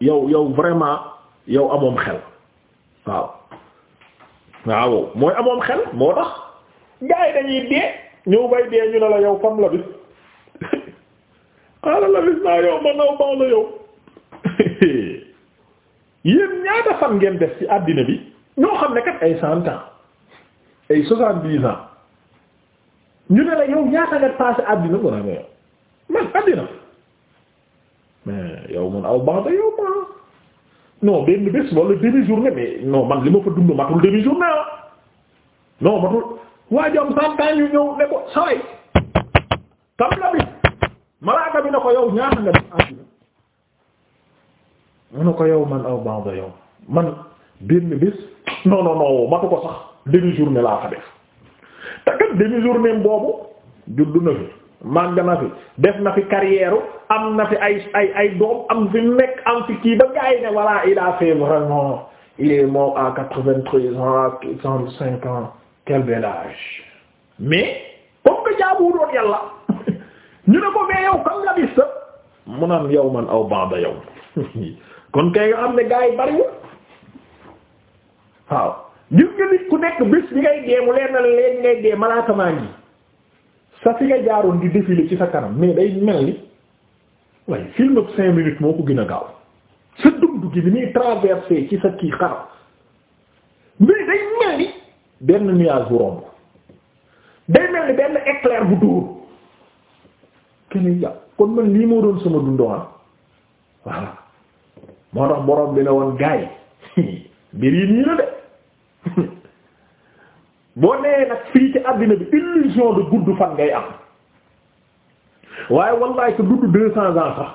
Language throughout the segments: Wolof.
yow yow vraiment yow amoom xel waaw waaw mooy amoom xel moo tax gaay dañuy dee ñëw bay dee ñu ne la yow fam la bis xaala la bis naa yow man naw baax la yow yéen ñaata fan ngeen def ci àddina bi ñoo xam ne kat ay cent ans ay soixante-dix ñu ne la yow ñaata nga passé àddina mun a ne man àddina yow mun aw baax da yow ma non benn ah. ko saway kam la bi malaaka bi na ko yow ñaata nga def àddina mu ko yow man aw benn bés non non non matu ko sax demi journée laa fa def te demi journée boobu juddu na fi màgg na fi def na fi carrière am na fi ay ay doom am fi nekk am fi kii ba gars yi ne voilà il a fait vraiment il est quatre-vingt-treize ans soixante-cinq ans quel bel âge mais comme que jaabu doon yàlla ñu ne ko mais yow kam la bis sa mu naan man aw banda yow kon kay nga ne gars yi waaw gis nga nit ku nekk bis bi ngay dee leen na leen ngay dee malaaka ngi sa fi nga jaaroon di défilé ci sa kanam mais day mel ni waaye film ab cinq minutes moo ko gën a gaaw sa dund gi bi muy traversé ci sa kii xaram mais day mel ni benn nuage bu romb day mel ni benn éclair bu dóor keneen yàpp kon man lii moo doon sama dundoo am ah. voilà moo tax borom bi ne woon gaay mbir yi nii la de boo nee nag fii ci àddina bi illusion de gudd fan ngay am waaye wallaay ko dudd deux cents sax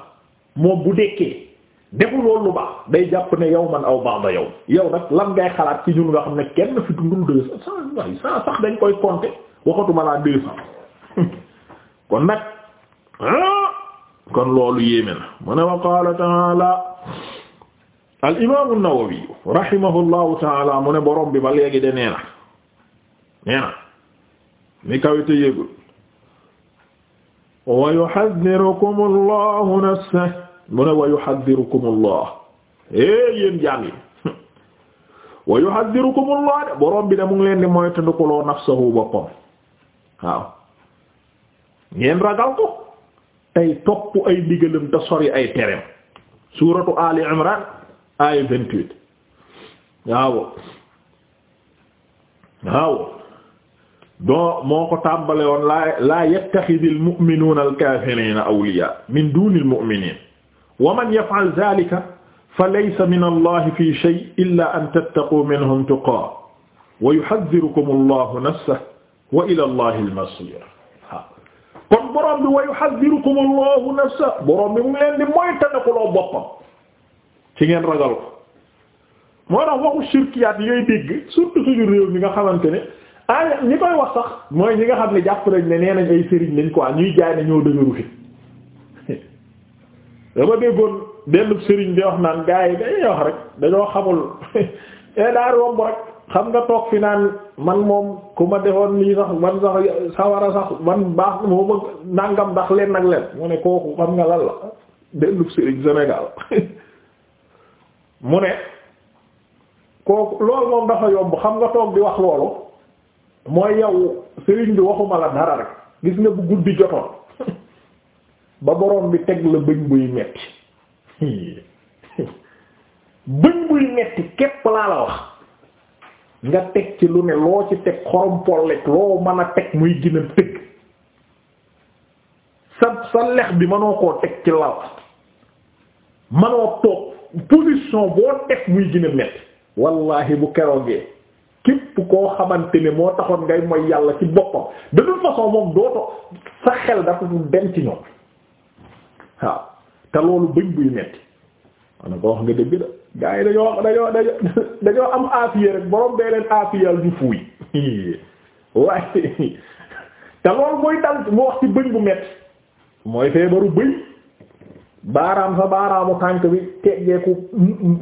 moom bu dekkee defu loolu lu baax day jàpp ne yow man aw baax ba yow yow nag lan ngay xalaat ci ñun nga xam ne kenn fi dundul deux cents sax dañ koy compter waxatuma laa deux cents kon nag ah, kon loolu yéeme na mu ne wa qaala ta'ala al imaamu Nawawi rahimahullahu ta'ala mu ne borom bi ba léegi de nee na nee na mi kawite yéegul wa yuhadhirukum allahu nafsahu mu ne wa yuhadhirukum allah é yéen jaam yi wa yuhadhirukum allah de borom bi ne mu ngi leen di moytandikuloo nafsahu boppam waaw ngeen ragal ko tey topp ay ndigalam te sori ay tereem suuratu ali imran aaya vingt-huit waaw waaw don moo ko tàmbale woon laa laa yattaxidi almuminuuna alkaafiriina awliyaa min duuni almuminiin wa man yaf'al zaalika fa laysa min allahi fi shay illa an tattaquu minhum tuqaa wa yuhaddirukum allahu nafsahu wa ila allahi bi wa yuhaddirukum allahu nafsahu borom bi mu leen di moytandikuloo boppam ci ngeen ragal ko moo tax waxu shirkiyaat yooyu dégg surtout suñu réew mi nga xamante ne ah ñi koy wax sax mooy ñi nga xam ne jàpp nañ ne nee nañ ay sëriñ lañ quoi ñuy jaay ne ñoo dëgëru fi dama déggoon benn sëriñ di wax naan gars yi dañuy wax rek dañoo xamul eh, daa romb rek xam nga toog fi naan man moom ku ma defoon lii sax man sax sawara sax man baax moo ma nàngam ndax leen nag leen mu ne kooku xam nga lal la benn sëriñ Sénégal mu ne kooku loolu moom dafa yomb xam nga toog di wax loolu. mooy yow sëriñ bi waxuma la dara rek gis nga bu guddi jotoon ba borom bi teg la bëñ buy metti bëñ buy metti képp laa la wax nga teg ci lu ne loo ci teg xorom pollet loo mën a teg muy gën tëgg sa sa lex bi mënoo koo teg ci law mënoo toog position boo teg muy gën metti wallahi bu keroogee képp koo xamante ne moo taxoon ngay mooy yàlla ci boppam de toute façon moom dooto sa xel dafa du dem ci ñoom waaw te loolu bëñ buy metti ko wax nga dëgg am aafiya rek borom bee mooy bu mooy feebaru bëñ baaraam sa baaraamu tànk bi teggeeku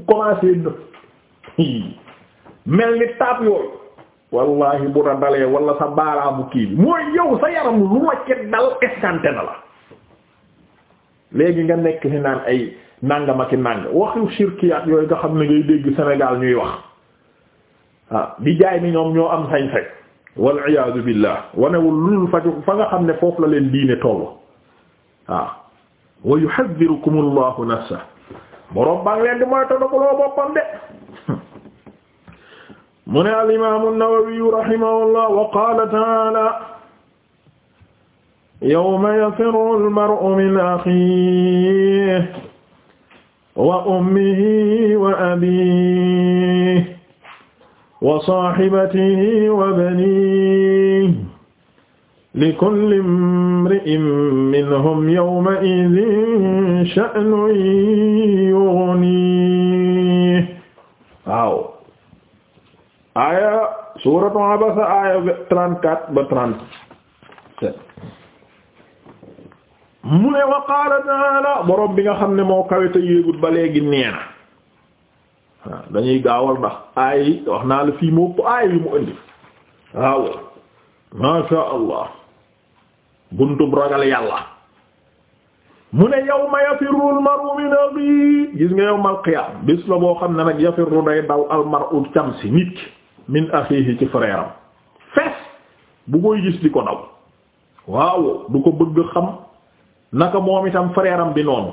commencé nëb mel ni taab yooyu wallahi bu la dalee wala sa baaraamu kii bi mooy yow sa yaram lu la ci dal na la léegi nga nekk ni naan ay nàngama ki nàng waxu shirkiyaat yooyu nga xam ne ngay dégg Sénégal ñuy wax ah di jaay ni ñoom ñoo am sañ-sañ wal iyaadu billah wanewul lul fa fa nga xam ne foofu la leen diine tollu waaw ah, wa yuhadhirukumullahu nafsa boroom baa ngi leen di moytandikuloo boppam de mu ne al-imaamu an-Nawawi rahimahullah wa qaala ta'aala yawma yafirru al-mar'u min akhiihi wa ummihi wa abiihi wa saahibatihi wa baniihi likulli imri'in minhum yawma'idhin sha'nun yughniihi waaw aaya suuratu Abasa aaya trente-quatre ba trente mu ne wa qaala ta'aala borom bi nga xam ne moo kawe te yéegul ba léegi neena waaw dañuy gaawal ndax aaya wax naa la fii moo aaya yi mu indi waaw ma sha Allah buntub ragal yàlla mu ne yawma yafirru almaru min abi gis nga yawmal qiyaam bis la boo xam ne nag yafirru day daw almaru camsi nit min akhihi ci frère fees bu koy gis di ko daw waaw du ko bëgg xam naka moom itam frère bi noonu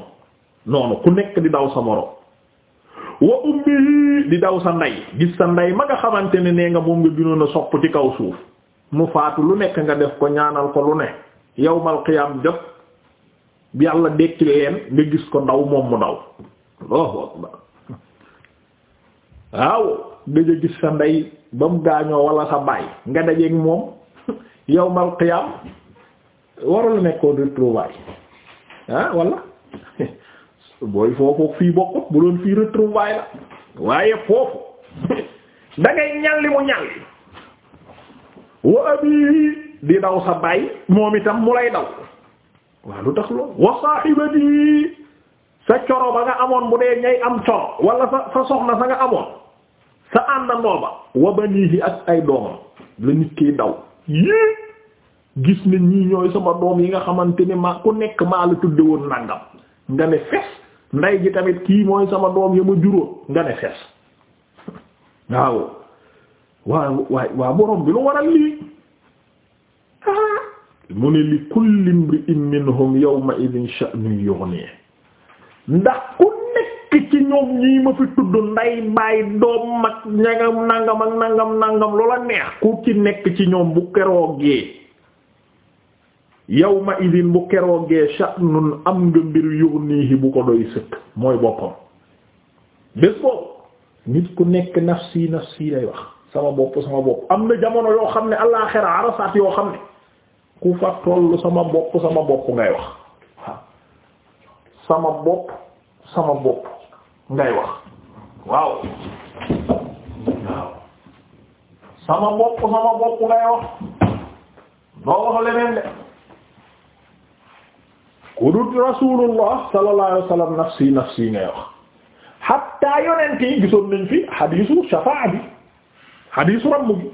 noonu ku nekk di daw sa moroom wa ummi di daw sa ndey gis sa ndey ma nga xamante ne nee nga moom nga gënoon a sopp ci kaw suuf mu faatu lu nekk nga def ko ñaanal ko lu ne yawmal qiyaam jot yàlla dekki leen nga gis ko ndaw moom mu daw waaw gëj a gis sa ndey ba mu gaañoo walla sa baay nga dajeeg moom yow qiyaam warul nekkoon retrouvaille ah wala booy foofu fii bokkut bu doon fii retrouvaille la waaye foofu da ngay ñalli mu ñalli wa abii di daw sa baay moom itam mu lay daw waaw lu tax loolu wa saahibati sa coro ba nga amoon bu dee ngay am coro wala sa sa soxna sa nga amoon sa àndandoo ba wa banihi ak ay doomam la nit kiy daw yii gis ne ñii ñooy sama doom yi nga xamante ni ma ku nekk maa la tudde woon nàngam nga ne fes ndey ji tamit kii mooy sama doom ya ma juróom nga ne fes waaw waa waay waa borom bi lu waral lii ah. mu ne li kulli imri'in minhum yawma idhin sha'nun yughni ndax ku nekk ci ñoom ñii ma fi tudd nday baay nangam nangam ku nekk ci ñoom bu keroogee yawma bu keroogee sha'nun mooy boppam ku nekk nafsi nafsi lay wax sama bopp sama bopp am na jamono yoo xam ne alaaxera yoo xam ne ku fa ngay wax sama bopp sama bopp ngay wax waaw waaw sama bopp sama bopp ngay wax doo wax leneen de ku dut rasulullah sallallahu alayhi nafsi nafsi ngay wax hatta yonent yi gisoon nañ fi hadisu shafaa bi hadisu ramm bi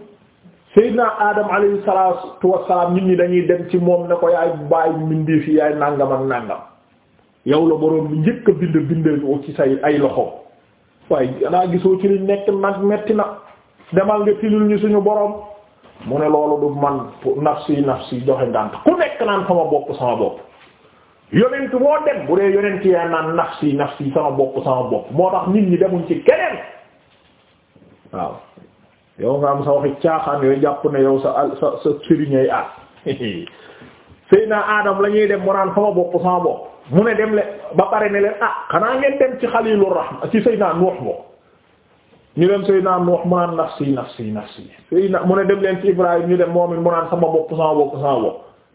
sayyidina adam alayhi salatu wassalam nit ñi dañuy dem ci moom ne ko yaay baay mbindeef yi yaay nàngam ak yow la boroom bi njëkk a bind bindal ko ci say ay loxo waaye danaa gisoo ci liñ nekk nag metti na demal nga tilil ñu suñu boroom mu ne loolu du man nafsi si joxe ngànt ku nekk naan sama bopp sama bopp yonent moo dem bu dee yonent yaa naan nafsi nafsi sama bopp sama bopp moo tax nit ñi demuñ ci keneen waaw yow nga am sa waxi caaxaan yooyu jàpp ne yow sa sa sa sëriñay aat sëy naa aadam la dem mu naan sama bopp sama bopp mu ne dem le ba pare ne leen ah xanaa ngeen dem ci xalilu rahma ci Seydina Nuux boo ñu dem Seydina Nuux mu naan nafsi nafsi nafsi Seydina mu ne dem leen ci Ibrahim ñu dem moom it mu naan sama bopp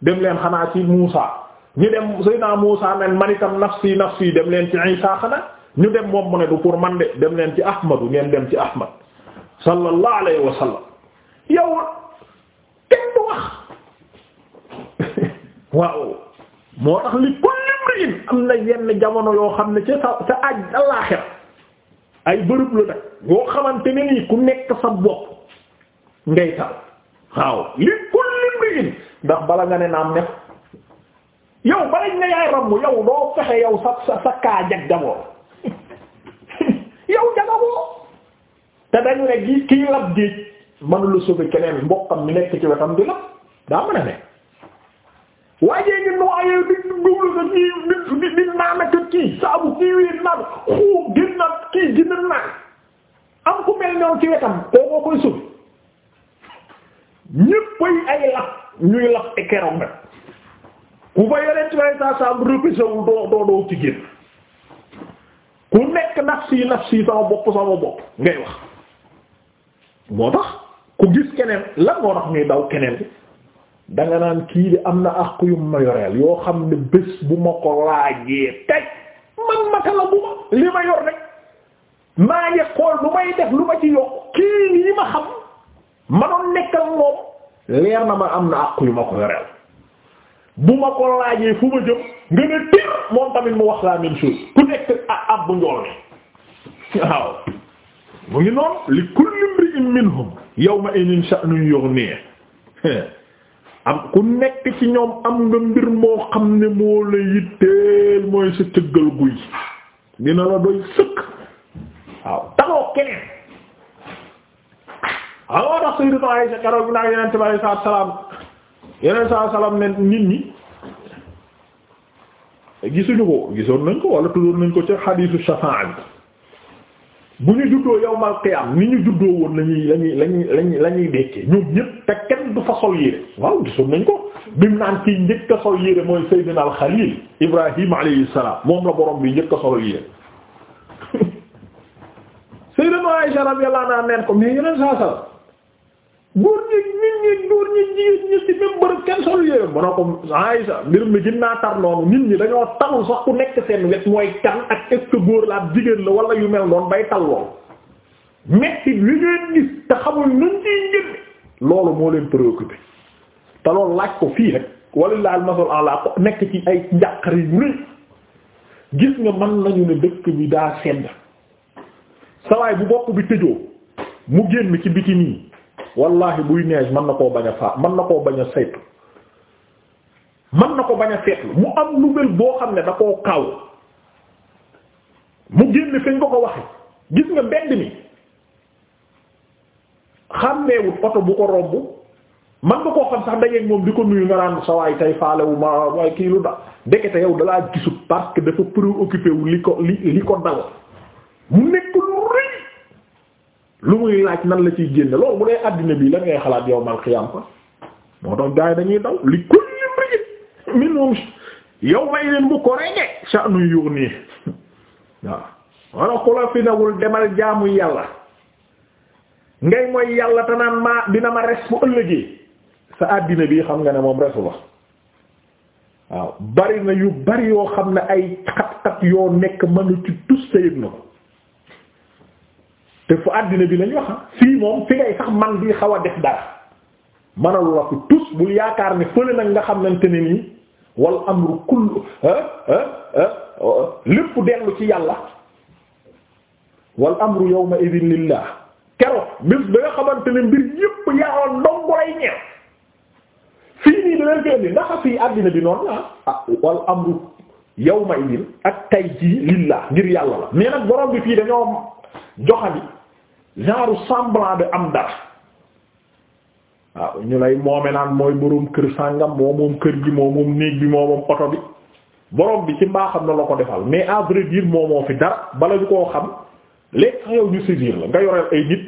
dem leen xanaa ci Muusa ñu dem Seydina Muusa men man itam nafsi nafsi dem ci Isa xanaa ñu dem moom mu ne du pour man de dem leen ci Ahmadu ngeen dem ci Ahmad sallallahu alayhi wa sallam yow kenn du wax waaw moo tax li am na yenn jamono yoo xam ne ca sa ca aj alaaxira ay bërëb la nag boo xamante ne nii ku nekk sa bopp ngay tal waaw li kulli imri'in ndax bala nga ne naam ne yow balañ ne yaay ramm yow doo fexe yow sa sa sa kaa yow jagaboo te dañu ne gi kii lab géej mënu la sauver keneen mbokkam mi nekk ci wetam di lab daa mën ne waaye waaye nit ñi sa kii nit nit naan ak saabu kii wii naan xuu gën na kii gën na am ku mel noonu ci wetam koo koy suuf ñëppay ay laf ñuy laf keroog nag ku fa yore ci may saa saa mu doo doo ci génn ku nekk nafsi nafsi sama bopp sama bopp ngay wax moo tax ku gis keneen lan moo tax ñuy daw keneen bi danga naan kii di am na àq yu ma yoreel yoo xam ne bés bu ma ko laajee tey man ma la bu ma li ma yor rek maa ngi xool lu may def lu ma ci yokk kii yi ma xam ma nekkal moom leer na ma am na àq yu ma ko yoreel bu ma ko laajee fu ma jëm nga ne tir moom tamit mu wax la même ku nekk ak ab bu njool ne waaw mu ngi noonu li kulli imri'in minhum yawma idin sha'nun yughnihi am ku nekk ci ñoom am nga mbir moo xam ne moo la yitteel mooy sa cëggal guy dina la doy sëkk waaw taxoo keneen alors ndax Sayyidatu Aisha keroog bi naa salaam Yonent salaatu salaam ne nit ñi gisuñu ko gisoon nañ ko wala tuddoon nañ ko ci xadiisu shafaa bi bu ñu juddoo yawmal qiyaam ni ñu juddoo woon lañuy lañuy lañuy lañuy lañuy dekkee ñoom ñëpp te du fa sol yére waaw gisoon nañ ko bim naan kii njëkk a sol yére mooy Seydina al Ibrahim alayhi salaam moom la borom bi njëkk a sol yére. Seydina Aysa radiyallahu anha neen ko mais yeneen saa sala góor ñi nit ñi góor ñi jigéen ñi ci même bërëb kenn solu yére mu ne ko Aysa nit ñi dañoo tarul sax ku nekk seen wet mooy kan ak est góor la ab jigéen la wala yu mel noonu bay tal lool metti li ngeen gis te xamul nuñ ciy njënd loolu moo leen préoccupé te loolu laaj ko fii rek walla almasol en la ko nekk ci ay njàqare yu rëy gis nga mën nañu ne dëkk bi daa sedd sawaay bu bopp bi tëjoo mu génn ci biti nii wallahi buy neej mën na koo bañ a faa mën na koo bañ a saytu mën na ko bañ a seetlu mu am lu mel boo xam ne da koo kaw mu génn fi ñu ko ko waxe gis nga mbedd mi xàmmeewul oto bu ko romb man nga koo xam sax dajeeg moom di ko nuyu nga naan sa waay tey faalewu ma kii lu da ndekete yow dalaa gisut parce que dafa préoccupé wu li ko li li ko dal mu nekk lu muy laaj nan la ciy génne loolu bu dee àddina bi lan ngay xalaat yow mal xiyam ko moo tax gars dañuy daw li kulli mri'in minhum yawma idin bu ko rege sha'nu yughni yàlla ngay dina ma res sa àddina bi xam nga ne moom resu la waaw bari na yu bari yoo xam ne ay xat-xat yoo nekk mënu ci tus sa yëg na ko te fu àddina bi lañ wax fii moom fi ngay sax man bi xaw a def dara mënalu la ko tus bul yaakaar ne fële nag nga xamante ne nii wal amru kullu lépp ci yàlla wal amru yawma idin lillah keroog bis ba nga xamante ne mbir yëpp yaawoon ndongo lay ñeew fii nii da leen koy indi ndax fii àddina bi noonu la ah wal amru yawma idin ak tay jii lillah ngir yàlla la mais nag borom bi fii dañoo joxani genre semblant de am dara waaw ñu lay moome naan mooy boroom kër sàngam moo moom kër gi moo moom néeg bi moo moom oto bi boroom bi ci mbaaxam na la ko defal mais à vrai dire moo moo fi dara bala ñu koo xam léegi sax yow ñu saisir la nga yoreel ay nit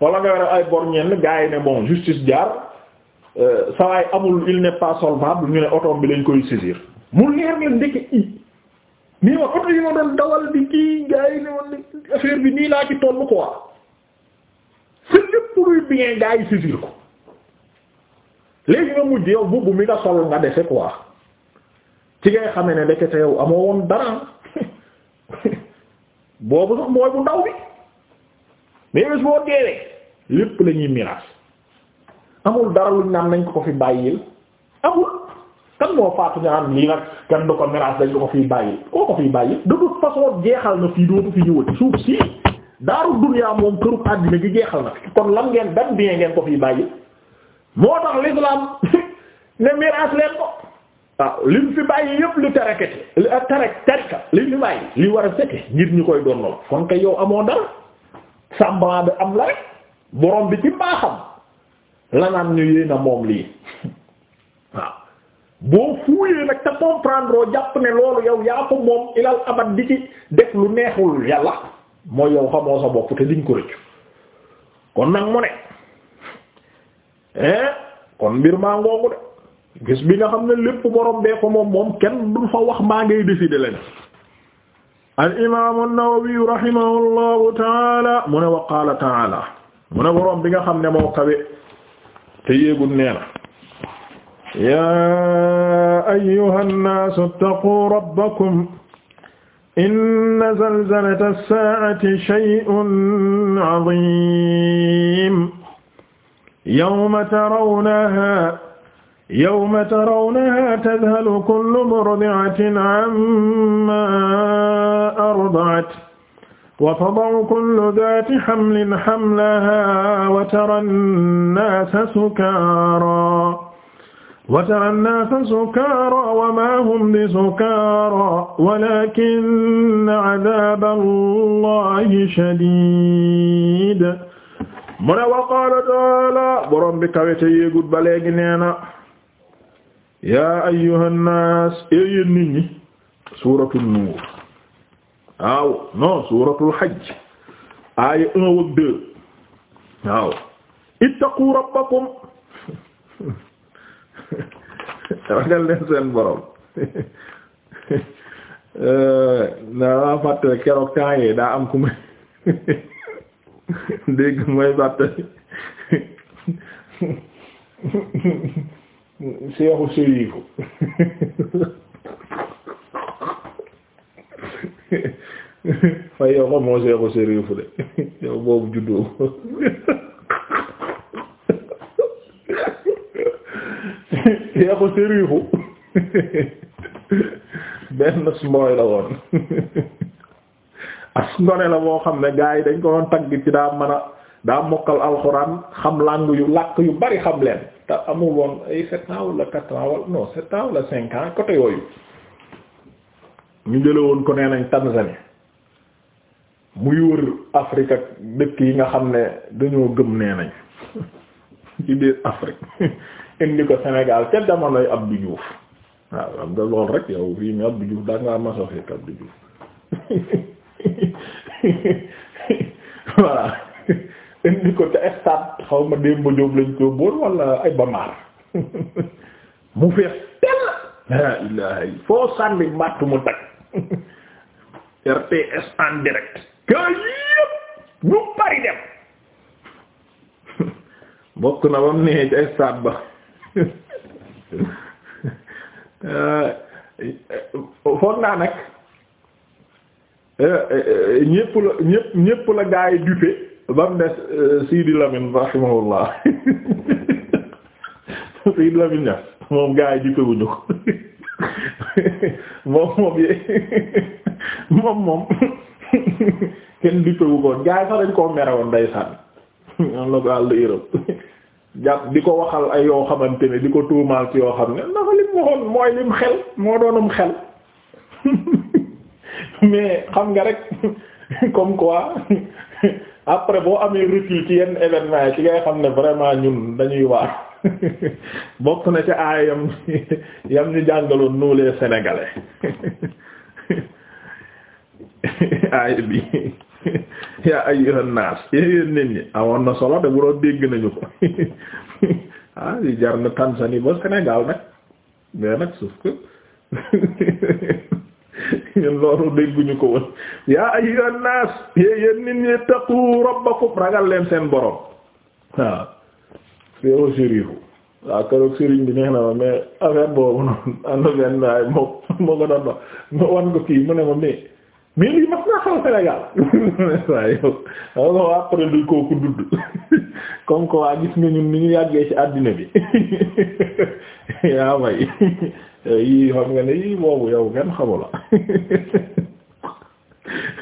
wala nga yoreel ay bor ñenn yi ne bon justice euh, sa sawaay amul il n'est pas solvable ñu ne oto bi lañ koy saisir mu leer leen ndekki i nii ma oto yi ma doon dawal di kii gars yi ne woon affaire nii laa ci tollu quoi si lépp luy bien gars yi saisir ko léegi nga mujj yow bubbu mi nga sol nga dese quoi ci ngay xamee ne ndekete yow amoo woon dara boobu sax mooy bu ndaw bi mais bés boo deewee lépp la ñuy miraas amul dara luñ naan nañ ko ko fi bàyyil amul. kan moo faatu nga am lii nag kenn du ko miraas dañ du ko fiy bàyyi koo ko fiy bàyyi de façon jeexal na fii dootu fi ñëwati suuf si daaru duniyaa moom këru àddina gi jeexal na fi kon lan ngeen ban bien ngeen ko fiy bàyyi moo tax l'islam ne miraas leen ko waaw li mu fi bàyyi yëpp li tarakete li tarak li fi bàyyi li war a sete ngir ñu koy doon la kon kay yow amoo dara semblant bi am la rek borom bi ci mbaaxam lanaan ñu yéena moom lii boo fuuyee nag te comprendre oo jàpp ne loolu yow yaa ko moom ilal abad di ci def lu neexul yàlla mooy yow xamoo sa bopp te liñ ko rëccu kon nag mu ne eh kon mbir maa ngoogu de gis bi nga xam ne lépp borom bee ko moom moom kenn du fa wax maa ngay décider leen al imaamu an-Nawawi rahimahullahu taala mu ne wa bi nga xam ne moo kawe te yéegul nee na yaa ayyuhan naasu ittaquu rabbakum inna zalzalata as-saa'ati shay'un 'aziim yawma tarawnahaa yawma tarawnahaa tadhalu kullu murdi'atin 'ammaa arda'at wa tada'u kullu dhaati hamlin hamlahaa wa taran naasa sukaaraa وترى الناس سكارى وما هم بسكارى ولكن عذاب الله شديد mu ne waqaala taala borom bi kawete yéegut ba léegi nee na yaa ayyuhan naas yéen nit ñi suuratul nuur waaw non suuratul hajj aaya un ak deux waaw ittaqu rabbakum ragal leen seen borom naa fàttali keroog temps daa am ku may dégg mooy fàttali seexu sériifu fay yow xamoo seexu sériifu de yow boobu juddoo seexu sëriixu benn smooy la woon as ngone la moo xam ne gaa yi dañ ko doon tagg ci daa mën a daa mokkal alxuraan xam langue yu làkk yu bari xam leen te amul woon ay sept ans wala quatre ans wala non sept ans wala cinq ans côté yooyu ñu jële woon ko nee nañ Tanzanie muy wër Afrique ak dëkk yi nga xam ne dañoo gëm nee ci biir Afrique indi ko Sénégal te jamonoy Abdou Diouf waaw xam nga loolu rek yow fii mi Abdou Diouf daa fekk Abdou Diouf indi ko ca stade xaw ma Demba Diop lañ ko boon wala mu fees la ilaha illa foo matt mu tag RTS en direct gaa ñu bari dem bokk na ba mu nee ca stade ba Euh, foog naa nag euh, euh, ñépp la ñépp ñépp la gaa yi dupe ba mu des Sidi Lamine rahimahullah Sidi Lamine ña moom gaa yi wuñu ko moom moom ye moom moom kenn dupe wu ko gaa koo merewoon day sànni ñoom la ko àll Europe jàpp di ko waxal ay yoo xamante ne di ko tuumaal ci yoo xam ne ndax lim waxoon mooy lim xel moo doonum xel mais xam nga rek comme quoi après boo amee recul ci yenn événement yi ci ngay xam ne vraiment ñun dañuy waar bokk na ci aayam yam ñu jàngaloon nous les aay bi yaa ayyuhan naas yéen nit ñi amoon na solo de bu doon dégg nañu ko ah li jar na Tanzanie ba Sénégal nag mais nag sauf que ñun loolu dégguñu ko woon yaa ayyuhan naas yéen nit ñi taqu rabbakum ragal leen seen borom waaw féero sériru waaw ah, keroog sëriñ bi neex na ma mais affaire boobu noonu am na benn moo moo ko doon wax wan ko kii mu ma mais mais lii mas naa xaw Sénégal waaw yow moom après duñ kooku dudd comme que waa gis nga ñun ni ñu yàggee ci àddina bi yaa may yii xam nga ne yii boobu yow kenn xamula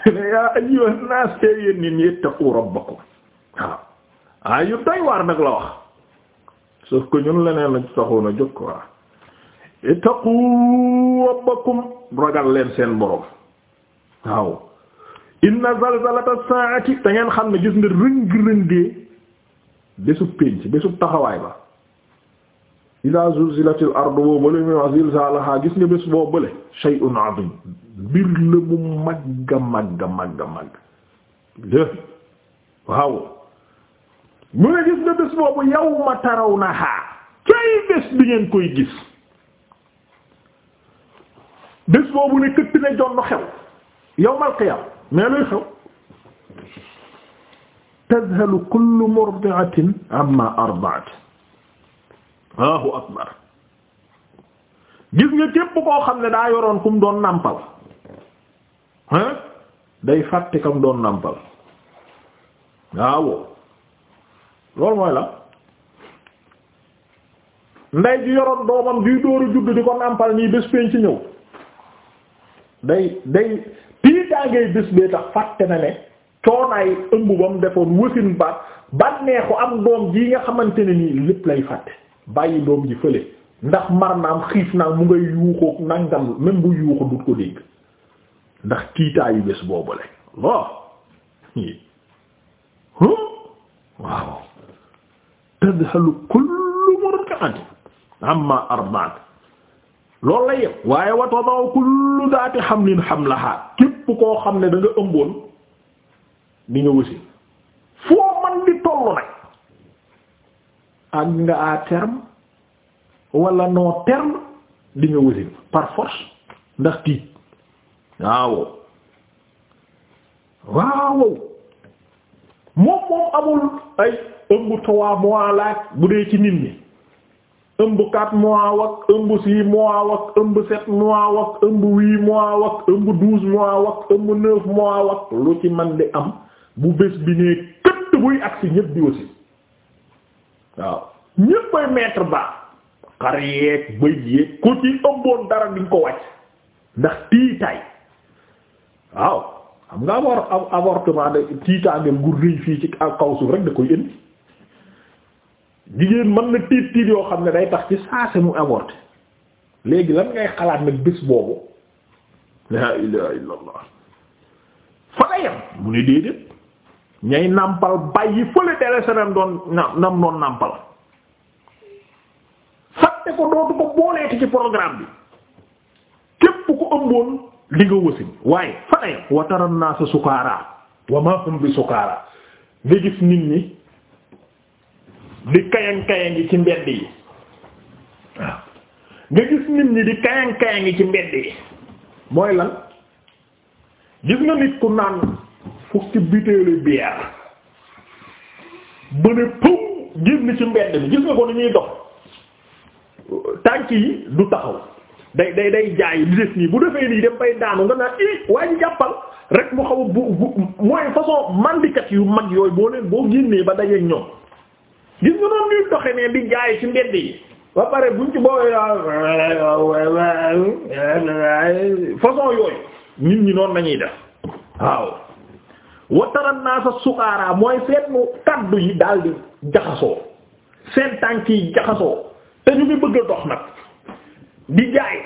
yaa ayyuhan naas yéen nit ñi ittaqu rabbakum waaw ah yu doy waar nag la wax sauf que ñun leneen la taxoon a jóg quoi ittaqu rabbakum ragal leen seen borom. waaw inna zalzalata saati te ngeen xam ne gis nga rëng-rëngee bésub pénc bésub taxawaay ba ida zulzilatil ardu boo bale mu wax zilzalaha gis nga bés boo bële shay'un mbir la mu magga magga magga magg waaw mu ne gis nga bés boobu yawma tarawnaha kay bés bi ngeen koy gis bés boobu ne këtt ne jonn xew yow qiyaama mais luy xew tadhalu kullu murdi'atin amma arda'at Allahu akbar gis nga képp koo xam ne daa yoroon ku mu doon nàmpal hein day fàtte kam doon nàmpal waaw loolu mooy la ndey ju yoroon doomam juy dóoru judd di ko nàmpal nii bés penc ñëw day day fii daangay bés bee tax fàtte na ne coonaay ëmb ba mu defoon wësin ba bànneexu am doom ji nga xamante ne nii lépp lay fàtte bàyyi doom ji fële ndax mar naam xiif naam mu ngay yuuxoo nangam même bu yuuxu dut ko dégg ndax kiitaayu bés boobule lo waaw tadhalu kullu murdi'atin amma arda'at loolu la yem waaye wato maw kullu daati hamlin hamlaha képp koo xam ne danga nga ëmboon di nga wësin foo man di tollu nag ak nga à terme wala non terme di nga wësin ndax tiit waaw waaw moom moom amul ay ëmb trois mois laaj bu dee ci nit ñi ëmb quatre mois wak ëmb six mois wak ëmb sept mois wak ëmb huit mois wak ëmb douze mois wak ëmb neuf mois wak lu ci man di am bu bés bi nee këtt buy agsi ñépp di aussi waaw ñépp ay baax xar yeeg bëy yeeg ku ci ëmboon dara di ko wàcc ndax tiitaay waaw xam nga abor avortement de tiitaangeem gu rëy fii ci kaw suuf rek da koy indi jigéen mën na tiit tiit yoo xam ne day tax ci saase mu avorté léegi lan ngay xalaat nag bis boobu la ilaha illallah fa la yem mu ne déedéet ñay nàmpal bàyyi fële tele seneen doon nam doon nàmpal fàtte ko dootu ko booleeti ci programme bi képp ko ëmboon li nga waaye fa la yem wa tara an sukaaraa wa maa hum sukaaraa nga gis nit ñi di kayang-kayang yi ci mbedd yi waaw nga gis nit ñi di kayang-kayang yi ci mbedd yi mooy lan gis nga nit ku naan fukki butéelu bière ba ne pum génn ci mbedd bi gis nga ko ni ñuy dox tànk yi du taxaw day day day jaay di def nii bu defee nii dem bay daanu nga naa i waaye ñu rek mu xaw bu mooy façon mandikat yu mag yooy boo leen boo génnee ba dajeeg ñoom gis nga noonu ñuy doxe ne di jaay ci mbedd yi ba pare buñ ci booy façon yooyu nit ñi noonu lañuy def waaw wataran naa sa sukaaraa mooy seen kaddu yi daal jaxasoo seen tànk jaxasoo te ñu ngi bëgg a dox nag di jaay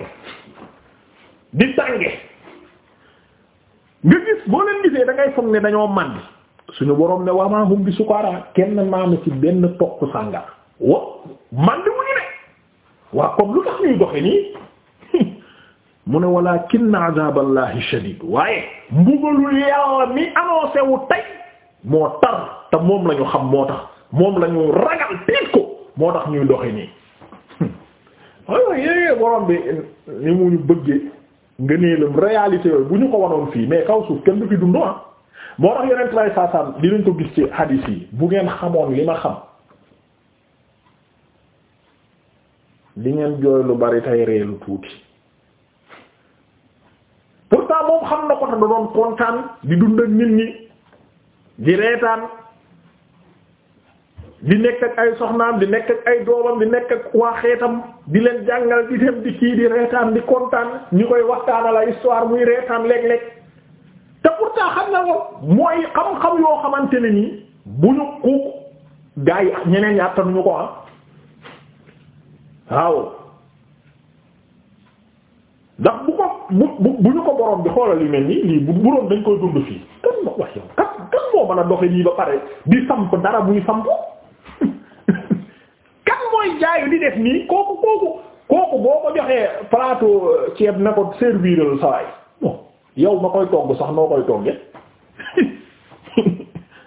di tànge nga gis boo leen gisee da ngay ne dañoo màndi suñu boroom ne wamaa hum bi sukaara kenn naanu ci benn tokk sàngar wa man di muñu ne waa comme lu tax ñuy doxe nii mu ne walakin azaballahi shadid waaye mbugalul yàlla mi annoncé wu tey moo tar te moom lañu ñu xam moo tax moom la ragal tiit ko moo tax ñuy doxe nii aywa yéyee borom bi ni mu ñu bëggee ngëneelam réalité yooyu bu ñu ko wanoon fii mais kaw suuf kenn du fi dundoo ah. moo tax yeneen lay saasaan dinañ ko gis ci hadis yi bu ngeen xamoon li ma xam di ngeen jooy lu bari tey ree lu tuuti pourtant moom xam na ko te da doon kontaan di dund ak nit ñi di reetaan di nekk ak ay soxnaam di nekk ak ay doomam di nekk ak waa xeetam di leen jàngal di dem di kii di reetaan di kontaan ñu koy waxtaana la histoire muy reetaan léeg-léeg pourtant xam na moom mooy xam-xam yoo xamante ne nii bu ñu ku gaa yi ñeneen ñi attanuñu ko ah waaw ndax bu ko bu bu ñu ko borom bi xoolal yu mel nii lii bu bu doon dañ koy dund fii kan moo wax doxe nii ba pare di samp dara buy samp kan mooy jaayu di def nii kooku kooku kooku boo ko joxee plateau euh, ceeb na ko serviral sawaay yow ma koy togg sax noo koy togge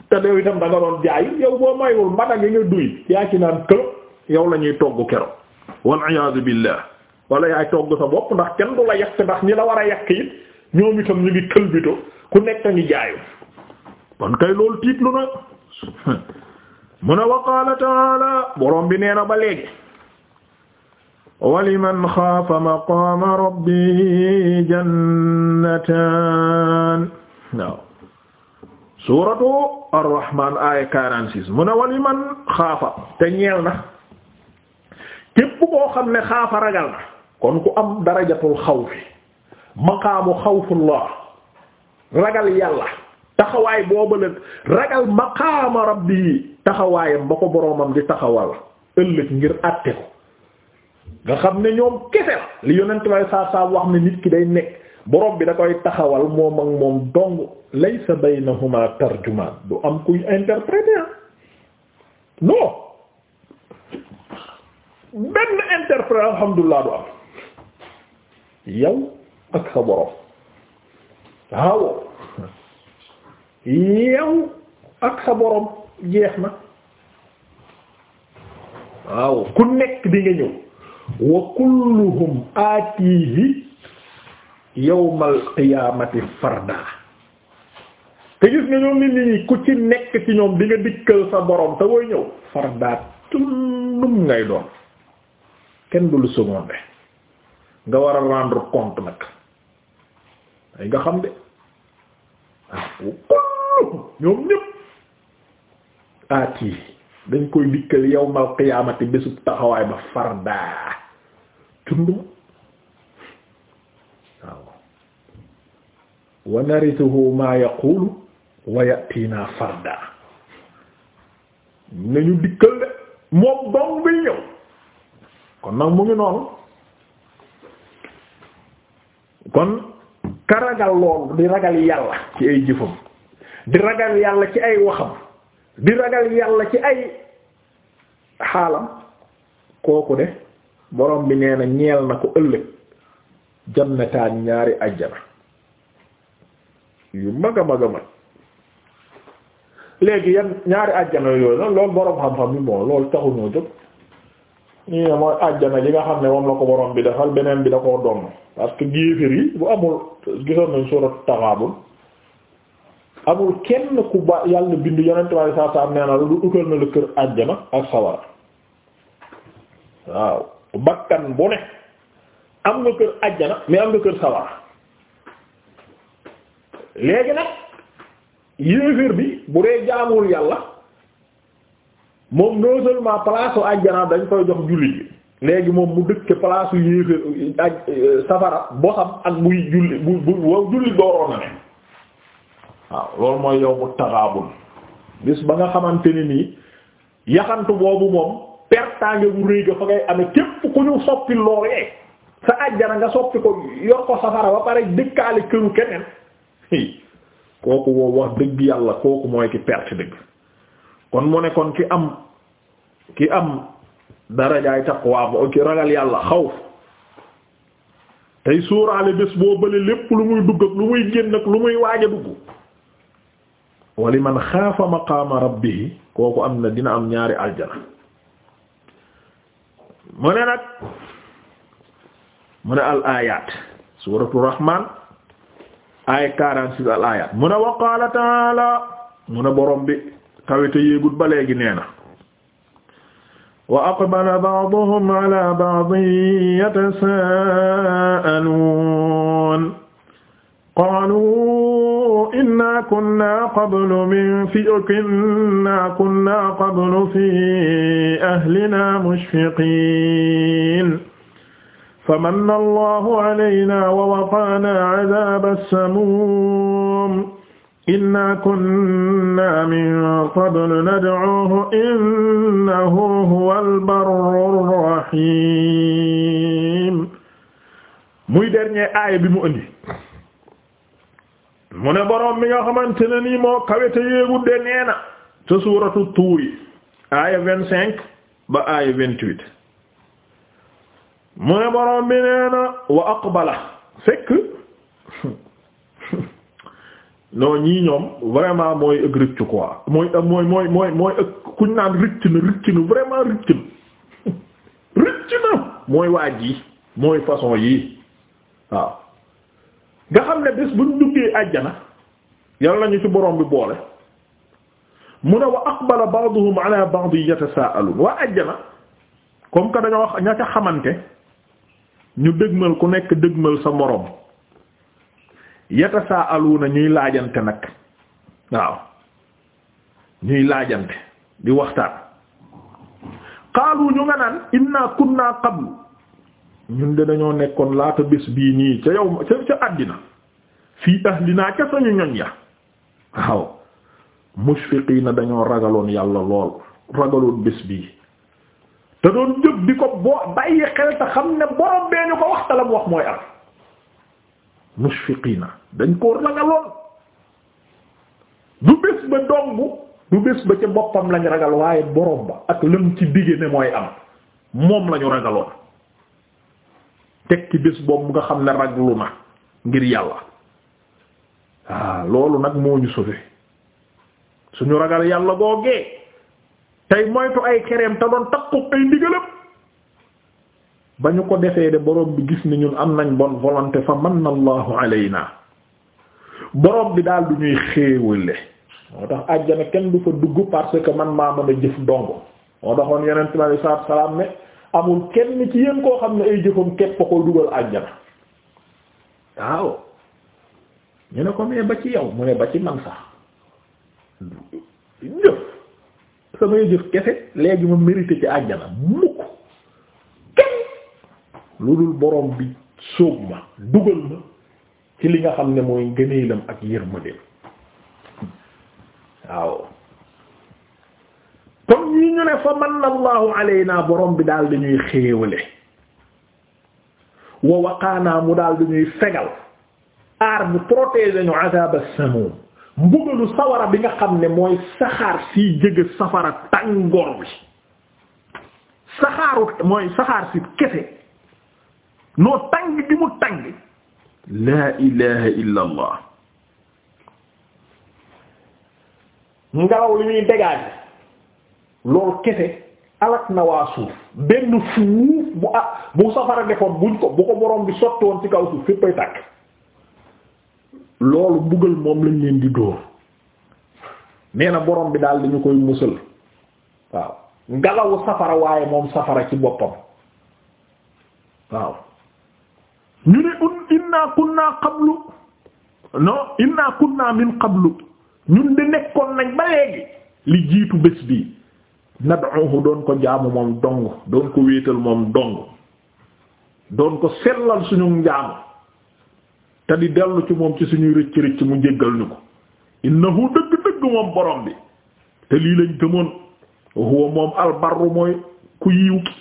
te dew itam da doon jaay yow boo mayul mbana gi nga duy yaa ci naan këlëb yow la ñuy togg kero wal iyaadu billah wala yaay togg sa bopp ndax kenn du la yàq ndax ñi la war a yàq it ñoom itam ñu ngi këlbito ku nekk ngi jaayu kon kay loolu tiitlu na mu ne wa qaala borom bi nee na ba léegi waliman xaafa maqaama rabbihi jannataan waaw suuratu ar-Rahmaan aaya 46 mu ne waliman xaafa te ñeel na képp koo xam ne xaafa ragal na kon ku am darajatul xawfi maqaamu xawfullah ragal yàlla taxawaay boobu la ragal maqaama rabbihi taxawaayam ba ko boroomam di taxawal ëllëg ngir àtte ko nga xam ne ñoom kese la li saa saa wax ne nit ki day nekk borom bi da koy taxawal moom ak moom dong laysa baynahuma tarjumaan du am kuy interpréter ah. non benn interprète alhamdulilah du am yow ak sa borom waaw yow ak sa borom jeex na waaw ku nekk di ñëw. wa kulluhum aatihi yawmal qiyaamati farda te gis nga ñoom nit ñi ku ci nekk ci ñoom di nga dikkal sa borom te booy ñëw farda tundum ngay doon kenn du lu seconde nga war a rendre compte nag ay nga xam de ah, waaw ñoom ñëpp aati dañ koy dikkal yawmal qiyaamati bésub taxawaay ba farda cundum waaw wa narisuhu ma yaqulu wa yatina nañu dikkal de moom dong bi ñëw kon nag mu ngi noonu kon ka ragal loolu di ragal yàlla ci ay jëfam di ragal yàlla ci ay waxam di ragal yàlla ci ay xaalam kooku de borom bi nee na ñeel na ko ëllëg jannataan ñaari ajjana yu mag a mag a mag léegi yan ñaari ajjana yooyu nag loolu borom xam-xam yi bon loolu taxu ñoo jóg ñu ne mooy ajjana yi nga xam ne moom la ko borom bi defal beneen bi da koo doon parce que géefér yi bu amul gisoon nañ suuratu Taghaabun amul kenn ku ba yàlla bind yonent bi sallallahu alayhi wasallam nee na lu utal na la kër ajjana ak sawar waaw bakkan bu ne am nga kër ajjana mais am nga kër sawara léegi nag yéeféer bi bu dee jaamul yàlla moom non seulement place ajjana dañ koy jox jullit bi léegi moom mu dëkk place u yéeféer aj euh, safara bosam ak buy julli bu bu wow jullit ne waaw loolu mooy yow mu taxaabul bis ba nga xamante ni nii yaxantu boobu moom pertaange bu rëy ga fa ngay amee képp ku ñu soppi loolee sa àjjana nga soppi ko yor ko safara ba pare dëkkaale këru keneen kooku woo wax dëgg yàlla kooku mooy ki perte dëgg kon mu ne kon ki am ki am darajaay taqwa moo ki ragal yàlla xawf tey suuraale bés boo bële lépp lu muy dugg ak lu muy génn ak lu muy waaj dugg wali man xaafa maqaama rabbihi kooku am na dina am ñaari aljana mu ne nag mu ne al ayat suratu rahman ay quarante-six al ayat mu ne wa qaala taala mu ne borom bi kawite yéegut ba léegi nee na wa aqbala ba'duhum ala ba'din yatasaaluun qaalu inna kunna qablu min fi inna kunna qablu fi ahlina mushfiqin famanna allahu alayna wa waqana adhaba as-samum inna kunna min qablu nad'uhu innahu huwal barrur rahim muy dernier aaya bi mu indi mu ne boroom mi nga xamante ne nii moo kawete yéegul de nee na ca suuratu tuuri aaya vingt cinq ba aaya vingt huit mu ne boroom bi nee wa aqbala fekk non ñii ñoom vraiment mooy ëg rëccu quoi mooy mooy mooy mooy mooy kuñ naan rëcc na rëcc na vraiment rëcc na mooy waaj yi mooy façon yii waaw nga xam ne bés bu ñu duggee àjjana yàlla nañu ci borom bi boole mu ne wa aqbala ba'duhum ala ba'd yatasaalun waa àjjana comme que dañoo wax ña ca xamante ñu dëgmal ku nekk dëgmal sa morom yatasaaluna ñuy laajante nag waaw ñuy laajante di waxtaan qaalu ñu nga naan inna kunna qablu ñun de dañoo nekkoon laata bés bii nii ca yow ca àddina fii ahlinaa ca sañu ñoñ ya waaw mushfiqiina dañoo ragaloon yàlla lool ragaloon bés bii te doon jëf di ko boo bàyyi xel te xam ne borom bee ñu ko waxtalam wax mooy am mushfiqiina dañ ko ragaloon du bés ba dong du bés ba ca boppam lañ ragal waaye borom ba ak lëm ci digge ne mooy am moom lañu ragaloon teg ci bés boobu nga xam ne raglu na ngir yàlla waaw ah, loolu nag moo ñu sauvé suñu ragal yàlla googee tey moytu ay kereem te doon takku ay ndigalam ba ñu ko defee de borom bi gis ni ñun am nañ bon volonté fa manna allahu alayna borom bi daal du ñuy xéewale moo tax àjjana kenn du fa dugg parce que man maa mën a jëf dong moo taxoon yeneen sallallahu alayhi wasallam ne amul kenn ci yéen koo xam ne ay jëfam képp a koy dugal àjjana waaw ñu ne ko mais ba ci yow mu ne ba ci man sax jëf samay jëf kese léegi ma mérité ci àjjana mukk kenn lu dul borom bi sóob ma dugal ma ci li nga xam ne mooy ngëneelam ak yërmandeem waaw kon ñii ñu ne fa manna allahu alayna bi daal dañuy xéewale wa waqaanaa mu daal dañuy fegal aar bu protéger ñu azab as-samum mbugalu sawara bi nga xam ne mooy saxaar si jëgg safara tàngoor bi saxaaru mooy saxaar si kese noo tàng di mu tàng laa ilaha illa allah ngelaw li ñuy dégager loolu kese alak na waa suuf benn fuuf bu ah bu safara defoon buñ ko bu ko borom bi sotti woon ci kaw suuf féppay tàkk loolu buggal moom lañ leen di dóor nee na borom bi daal dañu koy musal waaw ngelawu safara waaye moom safara ci boppam waaw ñu ne un inna kunna qablu non inna kunna min qablu ñun di nekkoon nañ ba léegi li jiitu bés bii nad'uhu doon ko jaamu moom dong doon ko wéetal moom dong doon ko sellal suñu njaamu te di dellu ci moom ci suñuy rëcc rëcc mu jéggal ñu ko innahu dëgg-dëgg moom borom bi te lii lañ gëmoon huwa moom albarru mooy ku yiw ki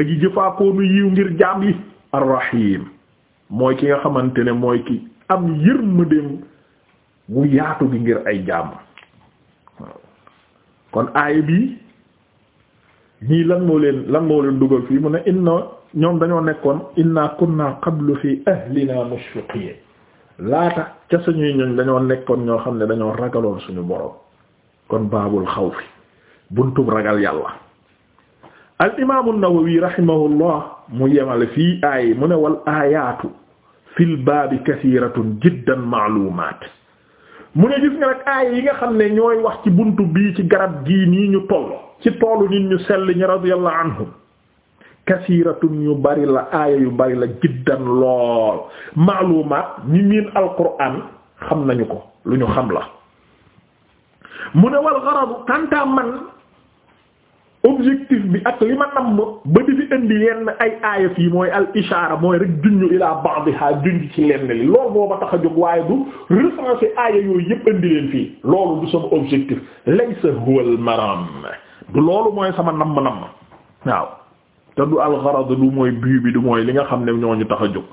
aji jëfaakoonu yiw ngir jaam yi arrahim mooy ki nga xamante ne mooy ki am yërmandeem gu yaatu gi ngir ay jaam kon aaya bii ñii lan moo leen lan moo leen dugal fii mu ne inna ñoom dañoo nekkoon inna kunna qablu fi ahlina mushfiqin laata ca suñuy ñoñ dañoo nekkoon ñoo xam ne dañoo ragaloon suñu boroom kon baabul xawfi buntub ragal yàlla al imaamu an-Nawawi rahimahullah mu yemale fii aay mu ne wal aayaatu fil baabi kasiiratun jiddan maalumaat mu ne gis nga nag aaya yi nga xam ne ñooy wax ci bunt bii ci garab gii nii ñu toll ci toolu nit ñu sell ñi radiyallahu anhum kasiratun yu bari la aaya yu bari la jiddan lool maalumaat ñi miin alquran xam nañu ko lu ñu xam la mu ne wal xaradu man objectif bi ak li ma namm ba di fi indi yenn ay aaya fii mooy al ishaara mooy rek junj ilaa ba'diha junj ci lenn li loolu moo ma tax a jóg waaye du recenser aaya yooyu yëpp indi leen fii loolu du sama objectif laysa huwal maram du loolu mooy sama namm namm waaw te al gharad du mooy bii bi du mooy li nga xam ne ñoo ñu tax a jóg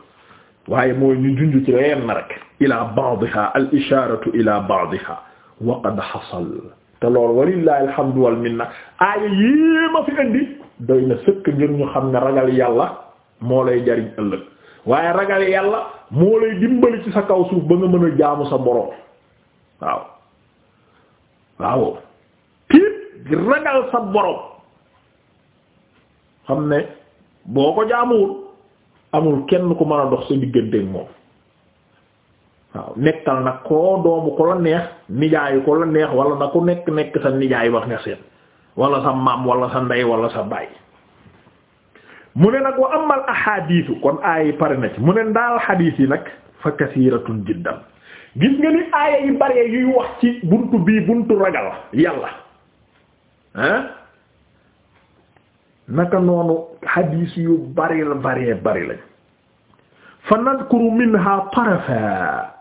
waaye mooy ñu junj ci lenn rek. ilaa ba'diha al ishaaratu ilaa ba'diha wa qad hasal te loolu walillahi alhamdu wal minna aaya yii ma fi indi doy na sëkk ngir ñu xam ne ragal yàlla moo lay jariñ ëllëg waaye ragal yàlla moo lay dimbali ci sa kaw suuf ba nga mën a jaamu sa borom waaw waaw tiit ragal sa borom xam ne boo ko jaamuwul amul kenn ku mën a dox sa digganteek moom waaw nekkal nag koo doomu ko la neex nijaayu ko la neex wala na ku nekk nekk sa nijaay wax nga seen wala sa maam wala sa ndey wala sa baay mu ne nag wa amal ahadiisu kon aaya yi pare na ci mu ne ndaal xadiis yi nag fa kasiratun jiddan gis nga ni aaya yi bare yuy wax ci buntu bii buntu ragal yàlla ah naka noonu xadiis yu bari la bari bari lañ fa nadkuru minha tarafa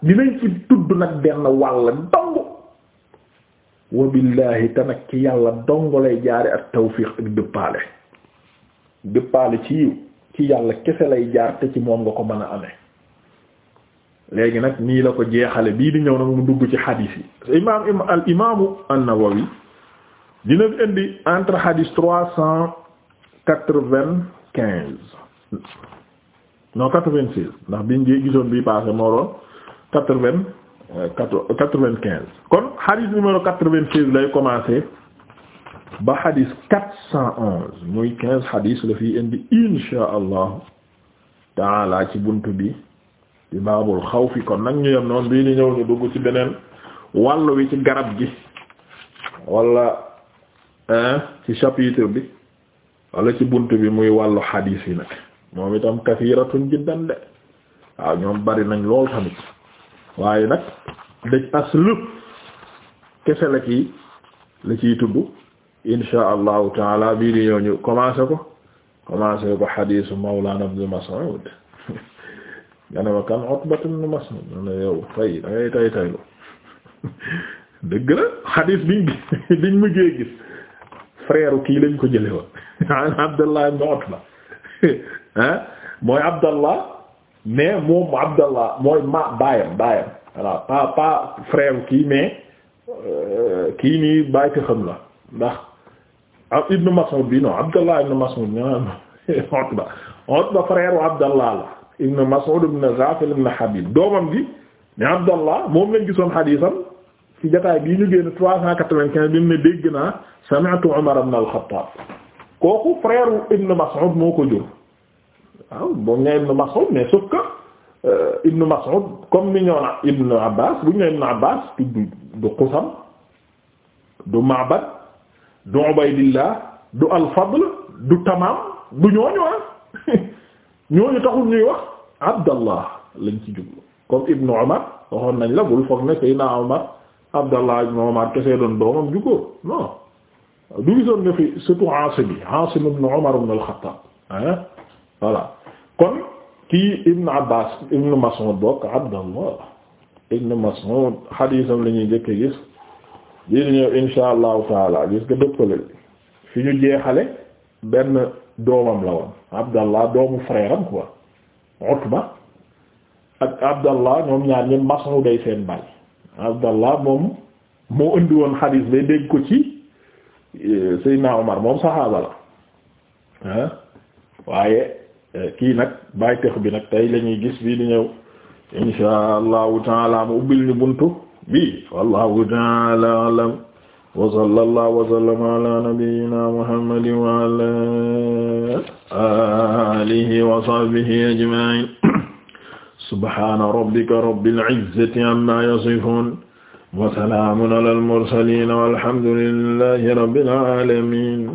dinañ ci tudd nag benn wàll dong wa billahi te nag yàlla dong lay jaare ak tawfiq ak dëppaale dëppaale ci yiw ci yàlla kese lay jaar te ci moom nga ko mën a amee léegi nag nii la ko jeexale bii di ñëw nag mu dugg ci xadiis yi imaam al imaamu an-Nawawi indi entre xadiis trois cent quatre-vingt-quinze non quatre-vingt-six ndax biñ jee gisoon bi passé moo doon quatre-vingt euh, quatre-vingt-quinze kon hadith numéro quatre vingt lay commencer ba hadith quatre cent onze muy quinze hadith la fi indi insha allahu taala ci bunt bi di baabul fi kon nag ñu yem noonu bii ni ñëw ñu dugg ci beneen wàll wi ci garab gi wala ci chapitre bi walla ci bunt bi muy wàllu hadith yi nag moom itam kathiratun jiddan de waaw ñoom bari nañ lool tamit waaye nag dëj asl kese la kii la ciy tudd insha allahu taala bii di ñëw ñu ko commencé ko xadiisu mawlana ibn Mas'ud nga ne ma kan Utbat ibn Mas'ud ne yow tay da ngay tay taylu dëgg la xadiis biñ biñ mujjee gis frère kii lañ ko jële woon an Abdullah ibn Utba ah mooy Abdallah mais moom Abdallah mooy ma baayam baayam voilà pas pas frère kii mais euh, kii nii bàyyi ko xam la ndax ah Ibn Mas'ud bi non Abdallah Ibn Mas'ud non Utba Utba frère wu Abdallah la Ibn Mas'ud ibn Ghafil ibn Habib doomam gi ne Abdallah moom lañ gisoon xadiisam ci jotaay bii ñu génn trois cent quatre-vingt-quinze bi mu ne dégg naa sami'tu Umar ibn al-Khattab kooku frère wu Ibn Mas'ud moo ko jur. waaw boobu nga Ibn Mas'ud mais sauf que euh, Ibn Mas'ud comme ni ñoo na Ibn Abbas bu ñu ne Ibn Abbas tudd du Qusam du Ma'bad du Ubaydillah du al du Tamam du ñooñu ah. ñooñu taxul ñuy wax Abdallah lañ ci jublu comme Ibn Umar waxoon nañ la bul foog ne Seydina Umar Abdallah ibn Umar kese doon doomam ju góor du gisoon nga fi surtout Asim bi Asim ibn Umar ibn al-Khattab ah kon kii Ibn Abbas Ibn Mas'ud bokk Abdallah Ibn Mas'ud xadiisam la ñuy njëkk a gis di ñëw insha allahu taala gis nga dëppale fi ñu jeexale benn doomam la woon Abdallah doomu frère am ak Abdallah ñoom ñaar ñëpp Mas'ud day seen baay Abdallah moom moo indi woon xadiis ba dégg ko ci eh, Seydina Omar moom saxaaba la ah. waaye. Eh, kii nag bàyyi tex bi nag tey la ñuy gis bii di ñëw insha allahu taala mu ubbil ñu buntu bi wallahu taala alam wa sallallahu wa sallama ala nabiyyina muhammadin wa ala alihi wa sahbihi ajma'in subhana rabbika rabbil izzati amma yasifun wa salamun ala al mursalin walhamdulillahi rabbil alamin